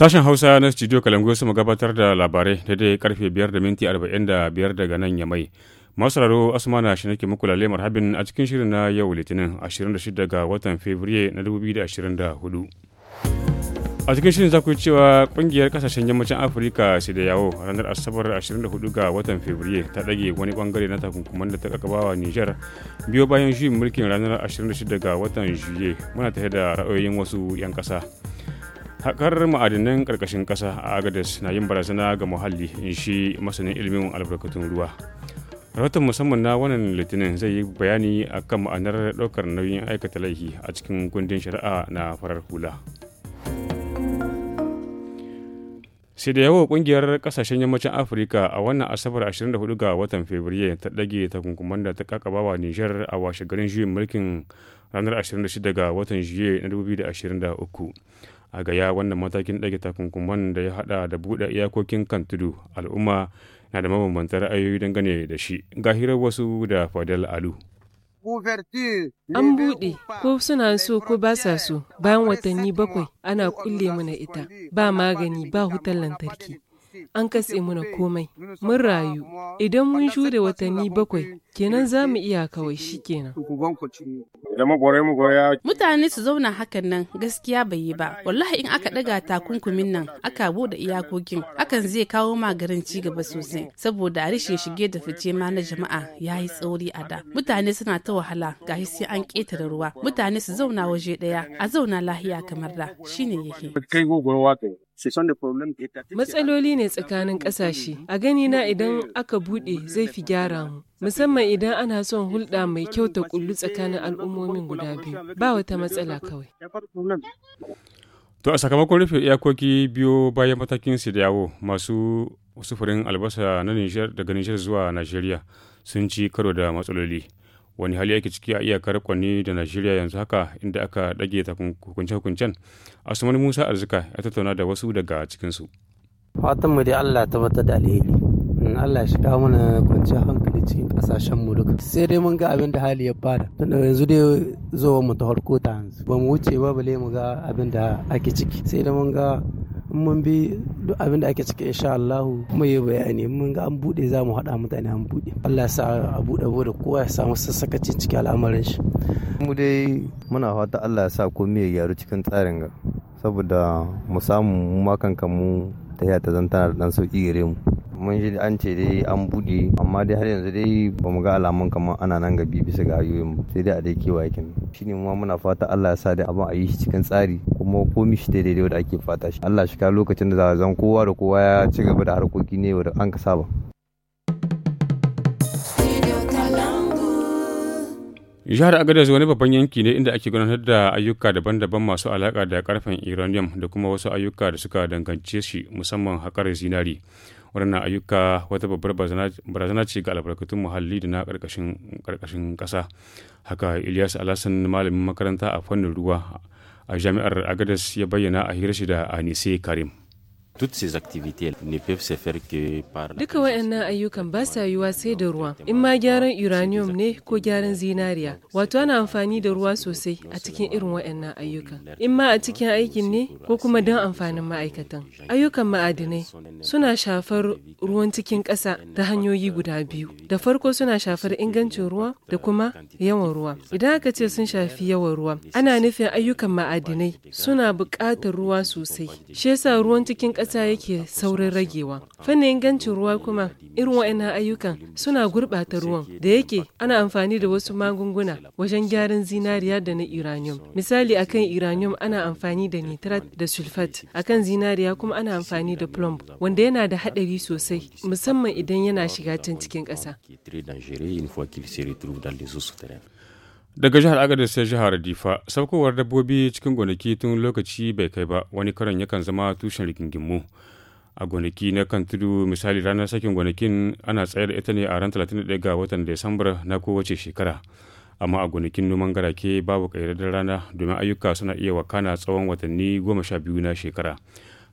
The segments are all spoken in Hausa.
Sashen Hausa na Studio kalangu su gabatar da labarai daidai karfe 5 da minti 45 daga nan ya mai. Masararo Asmana shi nake muku lalle marhabin a cikin shirin na yau Litinin 26 ga watan Fabrairu na 2024. a cikin shirin za ku cewa kungiyar kasashen yammacin afirka sai da yawo ranar asabar 24 ga watan fabriye ta ɗage wani bangare na takunkuman da ta kakabawa nijar biyo bayan juyin mulkin ranar 26 ga watan juye muna tare da ra'ayoyin wasu 'yan ƙasa hakar ma'adinan ƙarƙashin ƙasa a agadez na yin barazana ga muhalli in shi masanin ilimin albarkatun ruwa rahoton musamman na wannan litinin zai yi bayani akan ma'anar ɗaukar nauyin aikata laifi a cikin kundin shari'a na farar hula. sai da yawa kungiyar kasashen yammacin afirka a wannan asabar 24 ga watan fabrairu ta ɗage takunkuman da ta kakaba wa nijar a washe garin juyin mulkin ranar 26 ga watan juye na 2023 a gaya wannan matakin ɗage takunkuman da ya haɗa da buɗe iyakokin kan tudu al'umma na da mabambantar ra'ayoyi dangane da shi ga hirar wasu da fadal alu An buɗe ko suna so ko ba sa so bayan watanni bakwai ana kulle mana ita ba magani ba hutar lantarki an katse muna komai mun rayu idan mun shure watanni bakwai kenan za mu iya kawai shi kenan mutane su zauna hakan nan gaskiya bai yi ba wallahi in aka ɗaga takunkumin nan aka buɗe iyakokin akan zai kawo ma garin ci gaba sosai saboda rashin shige da fice ma na jama'a ya yi tsauri a da mutane suna ta wahala ga sai an ƙetare ruwa mutane su zauna waje daya a zauna lahiya kamar da shine yake Matsaloli ne tsakanin ƙasashe. A gani na idan aka buɗe zai fi gyara mu. Musamman idan ana son hulɗa mai kyau ta kullu tsakanin al'ummomin guda biyu. Ba wata matsala kawai. To a sakamakon rufe iyakoki biyu bayan matakin yawo masu sufurin albasa na daga Nijar zuwa Najeriya sun ci karo da matsaloli. wani hali yake ciki a iyakar kwanni da najeriya yanzu haka inda aka ɗage hukunce-hukuncen asuman musa arzika ya tattauna da wasu daga cikinsu fatan mu dai allah ta bata da alheri Allah shi kawo mana kwanciyar hankali cikin kasashen mu duka sai dai mun ga abin da hali ya bada tunda yanzu dai zo mu ta harko ta yanzu. ba mu wuce ba bale mu ga abin da ake ciki sai dai mun ga mun bi duk abin da ake ciki insha Allah mu yi bayani mun ga an bude za mu haɗa mutane an bude Allah ya sa a bude da kowa ya samu sassakacin ciki al'amarin shi mu dai muna fata Allah ya sa komai ya gyaru cikin tsarin ga saboda mu samu mu makanka mu ta zan zanta da dan sauki gare mu mun ji an ce dai an buɗe amma dai har yanzu dai ba mu ga alamun kamar ana nan gabi bisa ga hanyoyin ba sai dai a dai kewaye shi shine ma muna fata Allah ya sa dai abin a yi shi cikin tsari kuma komi shi daidai da ake fata shi Allah shi kawo lokacin da za a zan kowa da kowa ya ci gaba da harkoki ne wadda an ka saba jihar agadez wani babban yanki ne inda ake gudanar da ayyuka daban-daban masu alaka da karfen uranium da kuma wasu ayyuka da suka dangance shi musamman haƙar zinari waɗannan ayyuka wata babbar barazana ce ga albarkatun muhalli da na ƙarƙashin ƙasa haka ilyas alasan malamin makaranta a fannin ruwa a jami'ar agadas ya bayyana a shi da anise karim Duka waɗannan ayyukan ba sa yiwuwa sai da ruwa, in ma gyaran uranium ne ko gyaran zinariya, wato ana amfani da ruwa sosai a cikin irin waɗannan ayyukan. In ma a cikin aikin ne ko kuma don amfanin ma'aikatan. Ayyukan ma'adinai suna shafar ruwan cikin ƙasa ta hanyoyi guda biyu. Da farko suna shafar ingancin ruwa da kuma yawan ruwa. Idan aka ce sun shafi yawan ruwa, ana nufin ayyukan ma'adinai suna buƙatar ruwa sosai. Shi yasa ruwan cikin ƙasa ta yake saurin ragewa. Fannin ingancin ruwa kuma irin wa'annan ayyukan suna gurɓata ruwan da yake ana amfani da wasu magunguna wajen gyaran zinariya da na uranium. Misali akan uranium ana amfani da nitrat da sulfat akan zinariya kuma ana amfani da plumb wanda yana da haɗari sosai musamman idan yana shiga can cikin ƙasa. Daga jihar Agadez sai jihar Difa, saukowar dabbobi cikin gonaki tun lokaci bai kai ba wani karan yakan zama tushen rigingimu. A gonaki na kan tudu misali ranar sakin gonakin ana tsayar da ita ne a ran 31 ga watan Desambar na kowace shekara. Amma a gonakin noman garake babu ƙayyadaddar rana domin ayyuka suna iya wakana tsawon watanni goma sha biyu na shekara.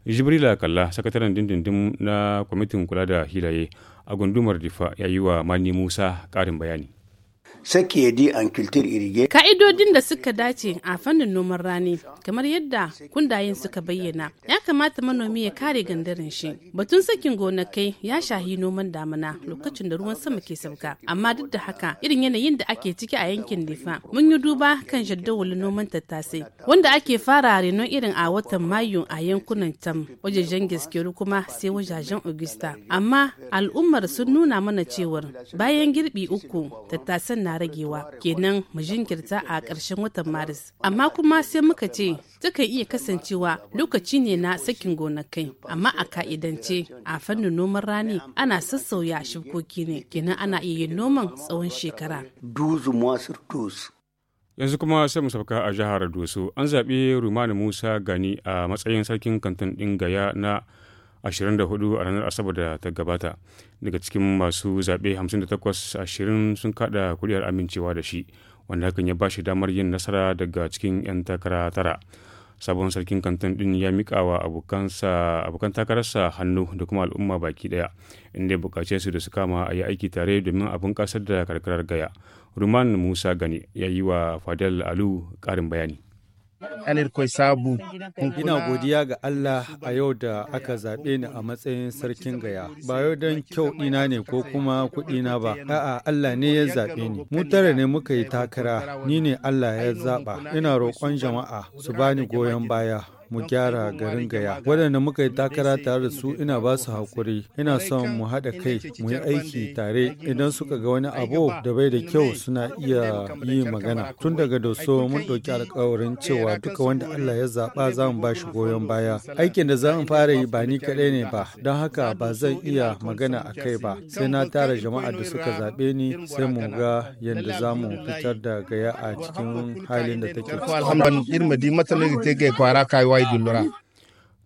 jibrila kalla sakataren dindindin na kwamitin kula da hilaye a gundumar difa ya yi wa mani musa karin bayani sakiyedi an kiltir irige. Ka'idodin da suka dace a fannin noman rani kamar yadda kundayen suka bayyana ya kamata manomi ya kare gandarin shi. Batun sakin gonakai ya shahi noman damina lokacin da ruwan sama ke sauka. Amma duk da haka irin yanayin da ake ciki a yankin Difa mun yi duba kan jaddawalin noman tattasai wanda ake fara renon irin a watan Mayu a yankunan Tam wajejen giskeru kuma sai wajajen Augusta. Amma al'ummar sun nuna mana cewar bayan girbi uku tattasan na ragewa kenan mu jinkirta a ƙarshen watan maris amma kuma sai muka ce takan iya kasancewa lokaci ne na sakin gonakai amma a ka'idance a fannin noman rani ana sassauya shukoki ne kenan ana iya yin noman tsawon shekara yanzu kuma sai mu sauka a jihar doso an zaɓi rumani musa gani a matsayin sarkin kantin ɗin gaya na 24 a ranar asabar da ta gabata daga cikin masu zaɓe 58 ashirin sun kaɗa kuri'ar amincewa da shi wanda hakan ya ba shi damar yin nasara daga cikin 'yan takara tara sabon sarkin kantin din ya mika wa abokan takararsa hannu da kuma al'umma baki daya inda ya bukace su da su kama a yi aiki tare domin abin kasar da karkarar gaya ruman musa gani ya yi wa fadel alu ƙarin bayani kai Sabu. Ina godiya ga Allah a yau da aka zaɓe ni a matsayin sarkin gaya. Ba yau don kyau ina ne ko kuma kuɗi na ba. A'a Allah ne ya zaɓe ni. Mu tare ne muka yi takara, ni ne Allah ya zaɓa. Ina roƙon jama'a su bani goyon baya. mu gyara garin gaya waɗanda muka yi takara tare da su ina ba su haƙuri ina son mu haɗa kai mu yi aiki tare idan suka ga wani abu da bai da kyau suna iya yi magana tun daga doso mun ɗauki alƙawarin cewa duka wanda Allah ya zaɓa za mu ba shi goyon baya aikin da za mu fara yi ba ni kaɗai ne ba don haka ba zan iya magana a kai ba sai na tara jama'a da suka zaɓe ni sai mu ga yadda za mu fitar da gaya a cikin halin da take. Alhamdulillah, irma di matsalar da ta kwara kaiwa waidul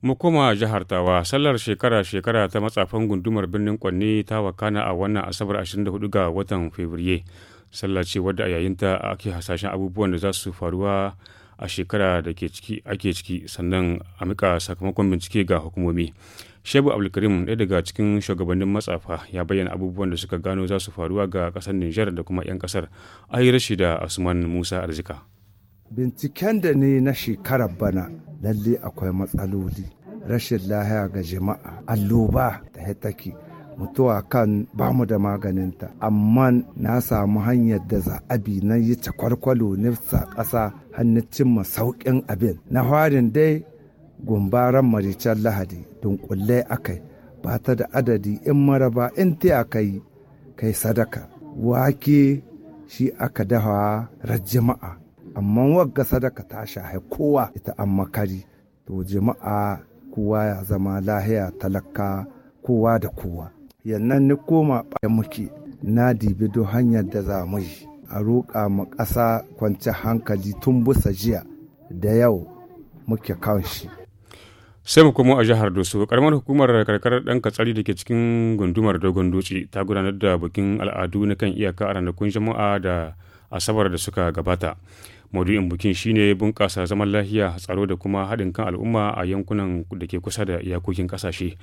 mu koma jihar tawa sallar shekara-shekara ta matsafan gundumar birnin kwanne ta wakana a wannan asabar 24 ga watan Fabriye. sallar ce wadda a yayinta ake hasashen abubuwan da za su faruwa a shekara da ake ciki sannan a mika sakamakon bincike ga hukumomi shebu abdulkarim ɗaya daga cikin shugabannin matsafa ya bayyana abubuwan da suka gano za su faruwa ga ƙasar nijar da kuma 'yan ƙasar ayi rashida da asuman musa arzika binciken da ne na shekarar bana lalle akwai matsaloli rashin lahiya ga jama'a alloba da take mutuwa kan ba mu da maganinta amma na samu hanyar da za'abi na yi takwarkwalo nifsa ƙasa hannun cimma sauƙin abin na harin dai gumbaran maricen lahadi dunkulle akai ba ta da adadi in maraba in ta kai kai sadaka wake shi aka dafa rajjima'a amma wagga sadaka ta shahe kowa ita an makari to jama'a kowa ya zama lahiya talaka kowa da kowa yannan ni koma ɓaya muke na dibi do hanyar da za mu yi a roƙa mu ƙasa kwanci hankali tun busa jiya da yau muke kan shi sai mu komo a jihar doso karamar hukumar karkar dan katsari da ke cikin gundumar dogon doci ta gudanar da bikin al'adu na kan iyaka a ranakun jama'a da asabar da suka gabata maudu'in bikin shine bunƙasa zaman lafiya tsaro da kuma haɗin kan al'umma a yankunan da ke kusa da iyakokin ƙasashe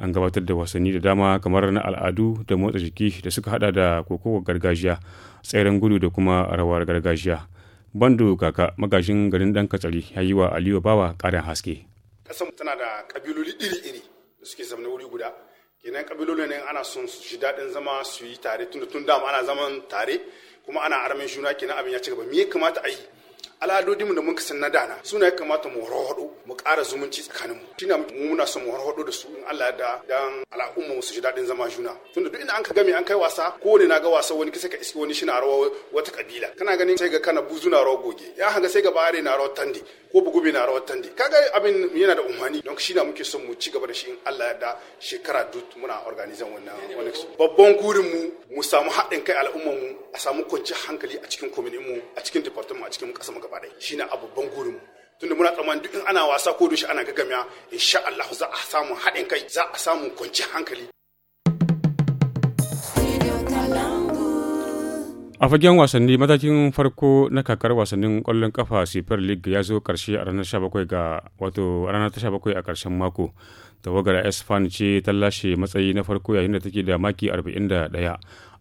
an gabatar da wasanni da dama kamar na al'adu da motsa jiki da suka haɗa da kokowar gargajiya tseren gudu da kuma rawar gargajiya bandu kaka magajin garin dan katsari ya yi wa aliyu bawa ƙarin haske ƙasar tana da ƙabiloli iri-iri da suke zama wuri guda kenan ƙabiloli ne ana son su shi daɗin zama su yi tare tun da tun dama ana zaman tare kuma ana aramin shuna kenan abin ya ci gaba me ya kamata a yi al'adodinmu da muka san na dana suna ya kamata mu warwado mu ƙara zumunci mu tunda mu muna son mu warwado da su in Allah da dan al'umma su ji daɗin zama juna tunda duk inda an ka game an kai wasa kowane na ga wasa wani kisa ka iski wani shi na rawa wata kabila kana ganin sai ga kana buzu na rawa goge ya hanga sai ga bare na rawa tandi ko bugube na rawa tandi kaga abin yana da umhani don shi na muke son mu ci gaba da shi in Allah ya da shekara duk muna organize wannan wani babban gurin mu mu samu haɗin kai al'umma mu a samu kwanciyar hankali a cikin kominin mu a cikin department a cikin gaba shi ne a babban gurinmu tunda muna tsammanin duk in ana wasa ko dushi ana in insha Allah za a samu haɗin kai za a samu kwanci hankali a fagen wasanni matakin farko na kakar wasannin kwallon kafa super league ya zo karshe a ranar 17 ga wato a ranar 17 a karshen mako tawagar s ce ta lashe matsayi na farko yayin da take da maki 41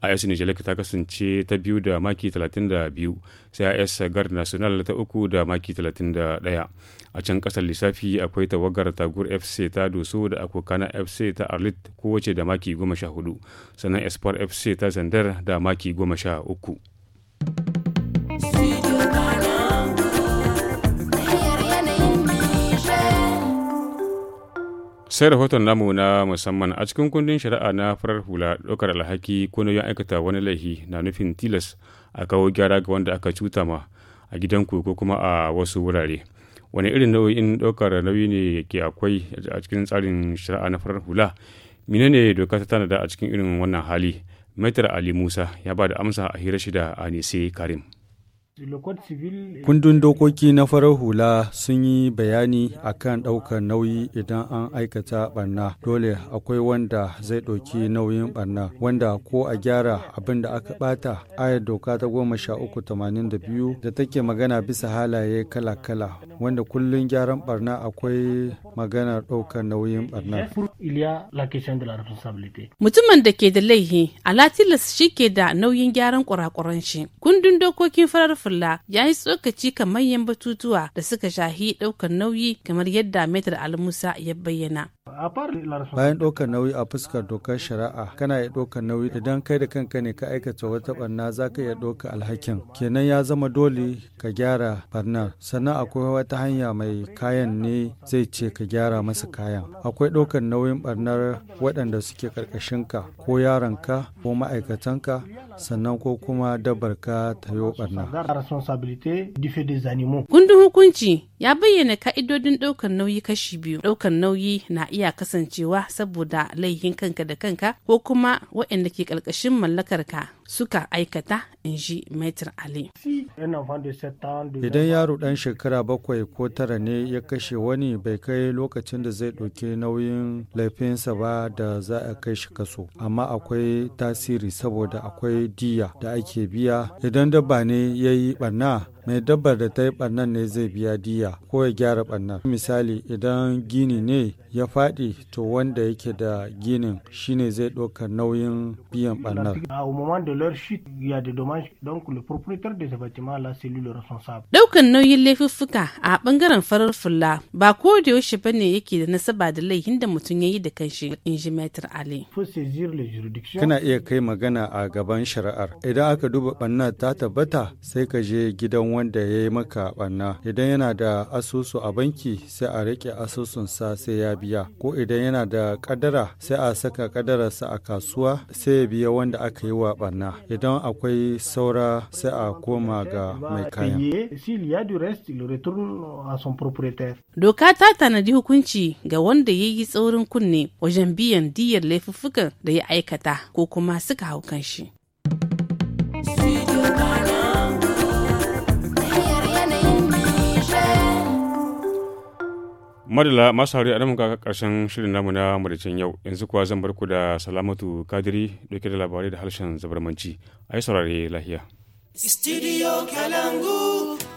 AS Nijalek ta kasance ta biyu da maki 32 sai AS Gard National ta uku da maki 31. A can kasar lissafi akwai tawagar Tagur FC ta Doso da Akokana FC ta Arlit kowace da maki 14 sannan espoir FC ta Zandar da maki 13. sai rahoton namu na musamman a cikin kundin shari'a na farar hula ɗaukar alhaki ko nauyin aikata wani laifi na nufin tilas a kawo gyara ga wanda aka cuta ma a ku ko kuma a wasu wurare wani irin nau'in ɗaukar nauyi ne ke akwai a cikin tsarin shari'a na farar hula menene doka ta tanada a cikin irin wannan hali maitar ali musa ya ba da amsa a hira shida a nise karim Kundin dokoki na farar hula sun yi bayani a kan ɗaukar nauyi idan an aikata barna. Dole akwai wanda zai ɗauki nauyin barna, wanda ko a gyara abin da aka ɓata ayar doka ta goma sha uku tamanin da biyu da take magana bisa halaye kala-kala, wanda kullum gyaran barna akwai magana ɗaukar nauyin barna. Mutumin da ke da laihi, alatilas shi ke da nauyin gyaran kurakuran shi. Kundin dokokin farar fulla ya yi tsokaci kan manyan batutuwa da suka shahi ɗaukar nauyi kamar yadda metar almusa ya bayyana Bayan ɗaukar nauyi a fuskar dokar shari'a kana iya ɗaukar nauyi idan kai da kanka ne ka aikata wata barna za ka iya ɗauka alhakin. Kenan ya zama dole ka gyara barnar. Sannan akwai wata hanya mai kayan ne zai ce ka gyara masa kayan. Akwai ɗaukar nauyin barnar waɗanda suke ka ko yaranka ko ma'aikatanka sannan ko kuma dabarka ta yi barna. Kundin hukunci ya bayyana ka'idodin ɗaukar nauyi kashi biyu. Ɗaukar nauyi na iya iya kasancewa saboda laihin kanka da kanka ko kuma waɗanda ke ƙarƙashin mallakarka suka aikata in ji Maitre Ali. Idan yaro dan shekara bakwai ko tara ne ya kashe wani bai kai lokacin da zai ɗauki nauyin laifinsa ba da za a kai shi kaso, amma akwai tasiri saboda akwai diya da ake biya. Idan dabba ne ya yi ɓarna mai dabbar da ta yi ɓarnan ne zai biya diya ko ya gyara ɓarnar. Misali idan gini ne ya faɗi to wanda yake da ginin shine zai ɗauka nauyin biyan ɓarnar. leur chute, il y a des dommages. Donc, le propriétaire de ce bâtiment-là, c'est lui le responsable. Daukan nauyin laifuffuka a bangaren farar fulla ba ko da yaushe ba ne yake da nasaba da laifin da mutum ya yi da kanshi in ji Ali. Kana iya kai magana a gaban shari'ar. Idan aka duba banna ta tabbata sai ka je gidan wanda ya yi maka banna. Idan yana da asusu a banki sai a rike asusunsa sai ya biya. Ko idan yana da kadara sai a saka kadararsa a kasuwa sai ya biya wanda aka yi wa ɓanna kaya idan akwai saura sai a koma ga mai kayan. Doka ta tanadi hukunci ga wanda ya yi tsaurin kunne wajen biyan diyar laifuffukan da ya aikata ko kuma suka haukan shi. madala masu hauri a nan karshen shirin namu na madacin yau yanzu kuwa zan bar ku da salamatu kadiri dauke da labarai da harshen zabarmanci a yi saurare lahiya. Studio Kalangu.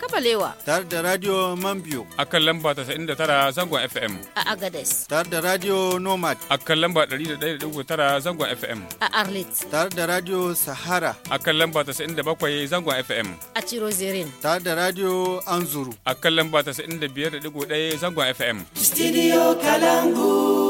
Kabalewa. Tare da Radio Mambio. A kan lamba tara zangon FM. A Agades. Tare da Radio Nomad. A kan lamba tara zangon FM. A Arlit. Tare da Radio Sahara. A kan lamba 97 zangon FM. A zirin. Tare da Radio Anzuru. A kan lamba 95.1 zangon FM. Studio Kalangu.